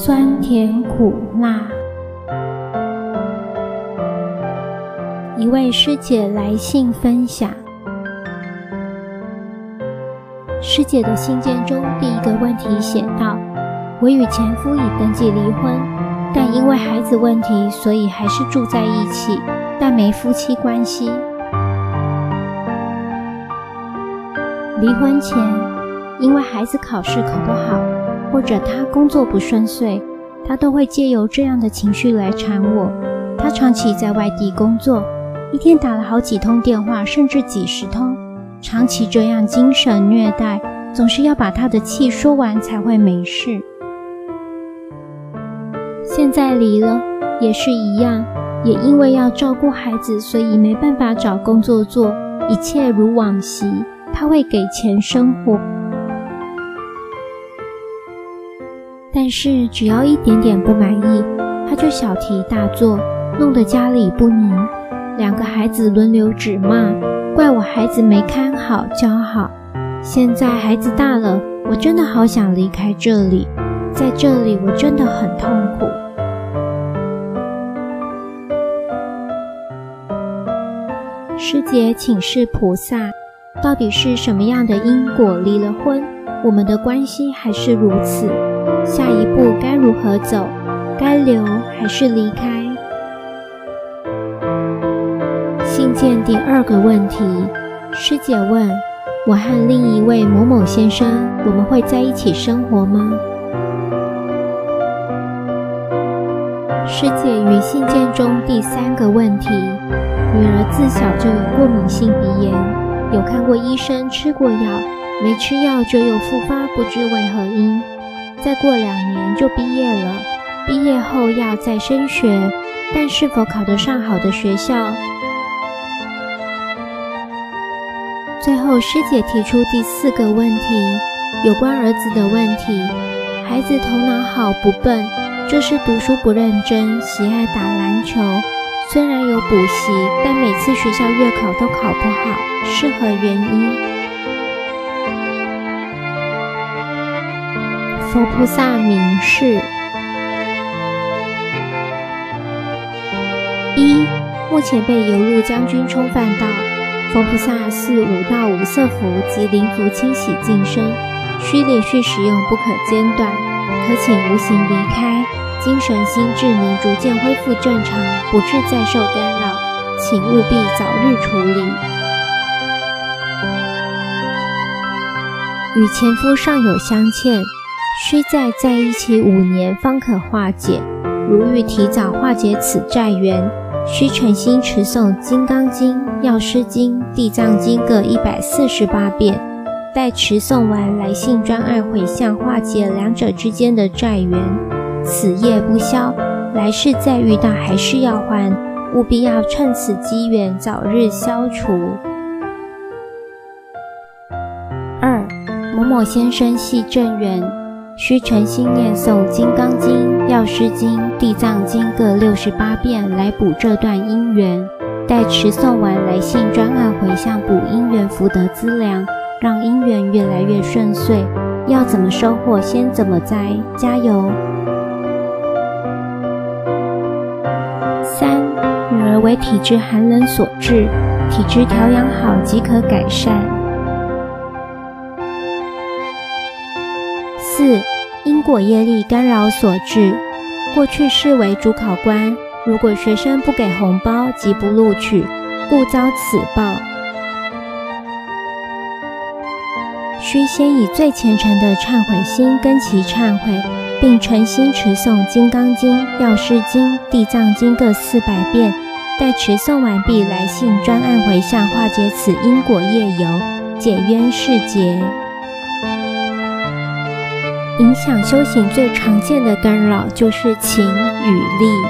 酸甜苦辣，一位師姐來信分享。師姐的信件中第一個問題寫道：“我與前夫已登記離婚，但因為孩子問題，所以還是住在一起，但沒夫妻關係。離婚前，因為孩子考試考不好。”或者他工作不順遂，他都會借由這樣的情緒來纏我。他長期在外地工作，一天打了好幾通電話，甚至幾十通。長期這樣精神虐待，總是要把他的氣說完才會沒事。現在離了也是一樣，也因為要照顧孩子，所以沒辦法找工作做。一切如往昔，他會給錢生活。但是，只要一點點不滿意，他就小題大做，弄得家裡不寧。兩個孩子輪流指罵，怪我孩子沒看好教好。現在孩子大了，我真的好想離開這裡，在這裡我真的很痛苦。師姐，請示菩薩，到底是什麼樣的因果離了婚，我們的關係還是如此？下一步該如何走？該留還是離開？信件第二個問題，師姐問：“我和另一位某某先生，我們會在一起生活嗎？”師姐於信件中第三個問題：女兒自小就有過敏性鼻炎，有看過醫生，吃過藥，沒吃藥就又復發，不知為何因。再過兩年就畢業了，畢業後要再升學，但是否考得上好的學校？最後師姐提出第四個問題，有關兒子的問題：孩子頭腦好、不笨，就是讀書不認真，喜愛打籃球，雖然有補習，但每次學校月考都考不好，是何原因？佛菩薩明示：一，目前被遊路將軍沖犯到。佛菩薩賜五道五色符及靈符，清洗淨身，需連續使用，不可間斷。可請無形離開，精神心智能逐漸恢復正常，不致再受干擾。請務必早日處理。與前夫尚有相欠。需再在，在一起五年方可化解。如欲提早化解此債緣，需誠心持誦《金剛經》《藥師經》《地藏經》各一百四十八遍，待持誦完，來信專案回向化解兩者之間的債緣。此業不消，來世再遇到還是要還，務必要趁此機緣早日消除。二，某某先生係正緣。需誠心念誦《金剛經》《藥師經》《地藏經》各六十八遍，來補這段姻緣。待持誦完，來信專案迴向，補姻緣福德資糧，讓姻緣越來越順遂。要怎麼收穫，先怎麼栽。加油！三，女兒為體質寒冷所致，體質調養好即可改善。四，因果業力干擾所致，過去世為主考官，如果學生不給紅包即不錄取，故遭此報。需先以最虔誠的懺悔心跟其懺悔，並誠心持誦《金剛經》《藥師經》《地藏經》各四百遍，待持誦完畢，來信專案回向，化解此因果業由，解冤釋結。影響修行最常見的干擾就是情與利。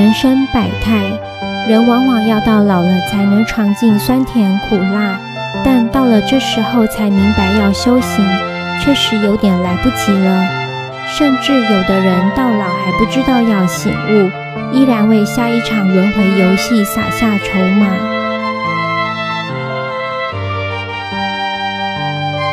人生百態，人往往要到老了才能嘗盡酸甜苦辣，但到了這時候才明白要修行，確實有點來不及了。甚至有的人到老還不知道要醒悟，依然為下一場輪回遊戲撒下籌碼。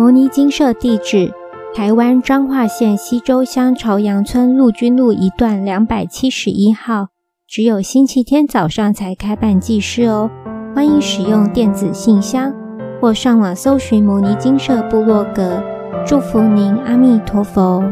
牟尼精舍地址：台灣彰化縣溪州鄉朝陽村陸軍路一段兩百七十一號。只有星期天早上才開辦濟世哦。歡迎使用電子信箱或上網搜尋牟尼精舍部落格。祝福您，阿彌陀佛。